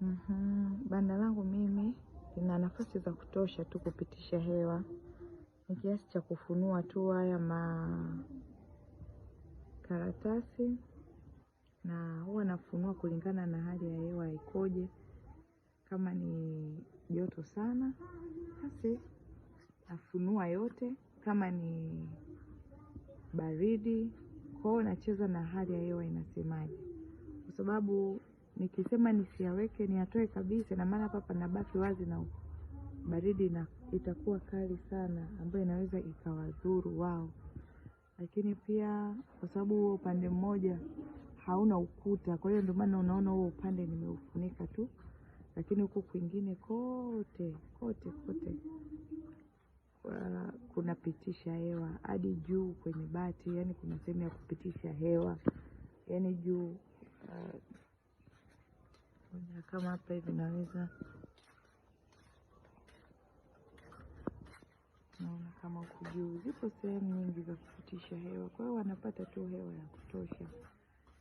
Mhm. Banda langu mimi lina nafasi za kutosha tu kupitisha hewa, ni kiasi cha kufunua tu haya makaratasi, na huwa nafunua kulingana na hali ya hewa ikoje. Kama ni joto sana, basi nafunua yote. Kama ni baridi, kwao nacheza na hali ya hewa inasemaje, kwa sababu nikisema nisiyaweke niyatoe kabisa, na maana hapa panabaki wazi na baridi na itakuwa kali sana, ambayo inaweza ikawadhuru wao. Lakini pia kwa sababu huo upande mmoja hauna ukuta, kwa hiyo ndio maana unaona huo upande nimeufunika tu, lakini huku kwingine kote kote kote kunapitisha hewa hadi juu kwenye bati, yani kuna sehemu ya kupitisha hewa yani juu uh, moja kama hapa hivi naweza naona kama huku juu zipo sehemu nyingi za kupitisha hewa, kwa hiyo wanapata tu hewa ya kutosha.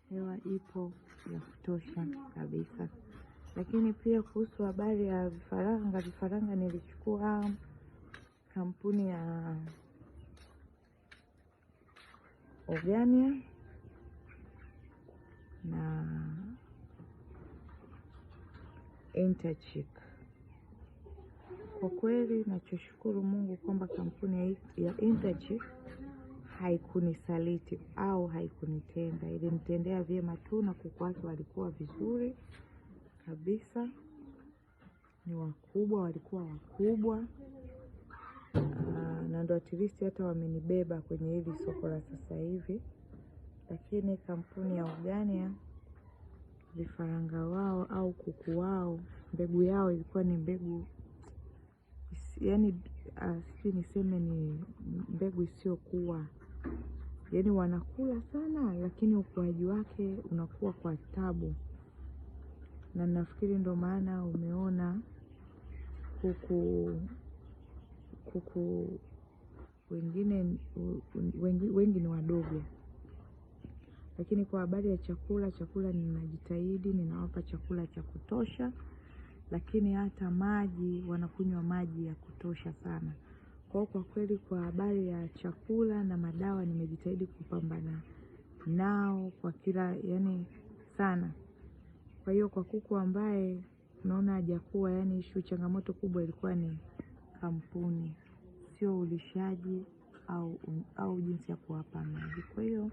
Hewa ipo ya kutosha kabisa. Lakini pia kuhusu habari ya vifaranga, vifaranga nilichukua kampuni ya Organia na Enterchick. Kwa kweli nachoshukuru Mungu kwamba kampuni ya Enterchick haikunisaliti au haikunitenda, ilinitendea vyema tu, na kuku wake walikuwa vizuri kabisa, ni wakubwa, walikuwa wakubwa ah, na ndo atilisti hata wamenibeba kwenye hili soko la sasa hivi. Lakini kampuni ya Ugania vifaranga wao au kuku wao, mbegu yao ilikuwa ni mbegu yani, uh, ah, sijui niseme ni mbegu isiyokuwa yani, wanakula sana, lakini ukuaji wake unakuwa kwa tabu, na nafikiri ndo maana umeona kuku kuku wengine wengi, wengi ni wadogo. Lakini kwa habari ya chakula, chakula ninajitahidi, ninawapa chakula cha kutosha, lakini hata maji wanakunywa maji ya kutosha sana. Kwa kwa kweli kwa habari ya chakula na madawa nimejitahidi kupambana nao kwa kila yani sana. Kwa hiyo kwa kuku ambaye naona hajakuwa yani ishu changamoto kubwa ilikuwa ni kampuni. Sio ulishaji au jinsi ya kuwapa maji. Kwa hiyo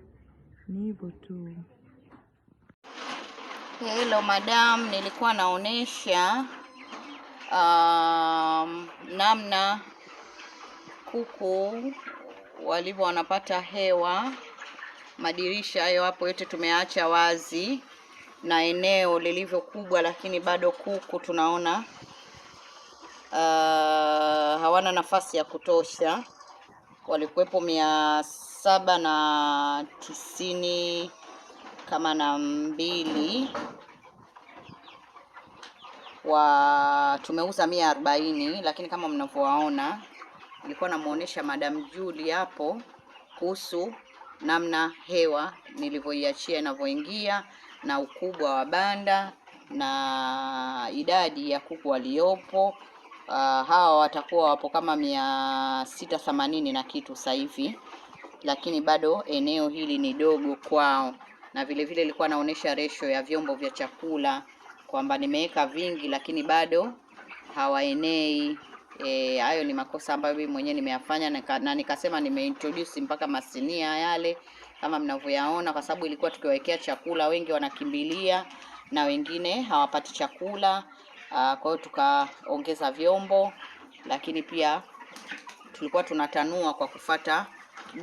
ni hivyo tu. Hello madam, nilikuwa naonesha um, namna kuku walivyo wanapata hewa. Madirisha hayo hapo yote tumeacha wazi na eneo lilivyo kubwa, lakini bado kuku tunaona uh, hawana nafasi ya kutosha. Walikuwepo mia saba na tisini kama na mbili wa tumeuza mia arobaini, lakini kama mnavyowaona nilikuwa namuonesha Madam Julie hapo kuhusu namna hewa nilivyoiachia inavyoingia na ukubwa wa banda na idadi ya kuku waliopo. Uh, hawa watakuwa wapo kama mia sita themanini na kitu sasa hivi lakini bado eneo hili ni dogo kwao, na vile vile ilikuwa naonesha ratio ya vyombo vya chakula kwamba nimeweka vingi, lakini bado hawaenei. E, hayo e, ni makosa ambayo mimi mwenyewe nimeyafanya na, na nikasema nimeintroduce mpaka masinia yale kama mnavyoyaona, kwa sababu ilikuwa tukiwawekea chakula wengi wanakimbilia na wengine hawapati chakula. Kwa hiyo tukaongeza vyombo, lakini pia tulikuwa tunatanua kwa kufata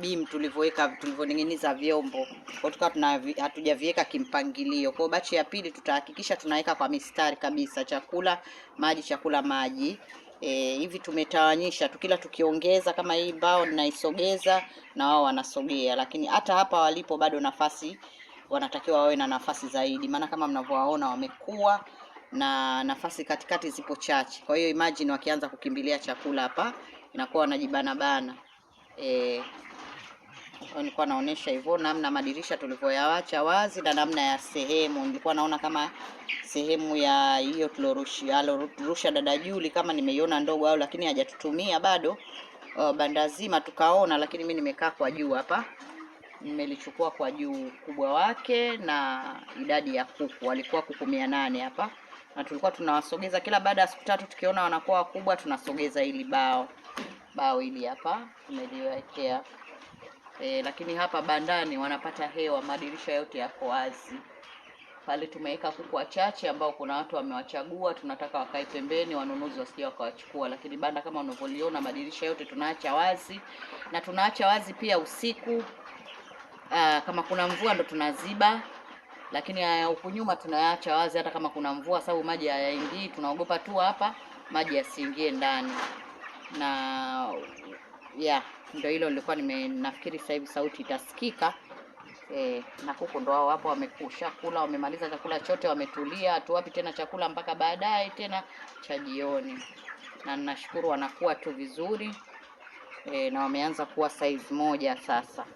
bim tulivyoweka tulivyoning'iniza vyombo, kwa tukawa tuna hatujaviweka kimpangilio. Kwa bachi ya pili tutahakikisha tunaweka kwa mistari kabisa, chakula maji, chakula maji. E, hivi tumetawanyisha tukila tukiongeza, kama hii mbao ninaisogeza na wao wanasogea, lakini hata hapa walipo bado nafasi, wanatakiwa wawe na nafasi zaidi, maana kama mnavyowaona wamekuwa na nafasi katikati zipo chache. Kwa hiyo imagine wakianza kukimbilia chakula hapa inakuwa bana. e nilikuwa naonesha hivyo namna madirisha tulivyoyawacha wazi na namna ya sehemu. Nilikuwa naona kama sehemu ya hiyo tulorusha dada Juli kama nimeiona ndogo au, lakini hajatutumia bado uh, banda zima tukaona, lakini mimi nimekaa kwa juu hapa, nimelichukua kwa juu ukubwa wake na idadi ya kuku, walikuwa kuku mia nane hapa, na tulikuwa tunawasogeza kila baada ya siku tatu, tukiona wanakuwa wakubwa tunasogeza ili bao bao hili hapa tumeliwekea e, lakini hapa bandani wanapata hewa, madirisha yote yako wazi. Pale tumeweka kuku wachache ambao kuna watu wamewachagua, tunataka wakae pembeni, wanunuzi wasije wakawachukua. Lakini banda kama unavyoliona, madirisha yote tunaacha wazi, na tunaacha wazi pia usiku. Aa, ah, kama kuna mvua ndo tunaziba lakini haya huku nyuma tunaacha wazi, hata kama kuna mvua, sababu maji hayaingii. Tunaogopa tu hapa maji yasiingie ndani, na yeah, ndio hilo lilikuwa nimenafikiri sasa hivi sauti itasikika. E, na kuku ndo wao hapo wamekusha kula, wamemaliza chakula chote, wametulia. wapi tena chakula mpaka baadaye tena cha jioni, na nashukuru wanakuwa tu vizuri e, na wameanza kuwa size moja sasa.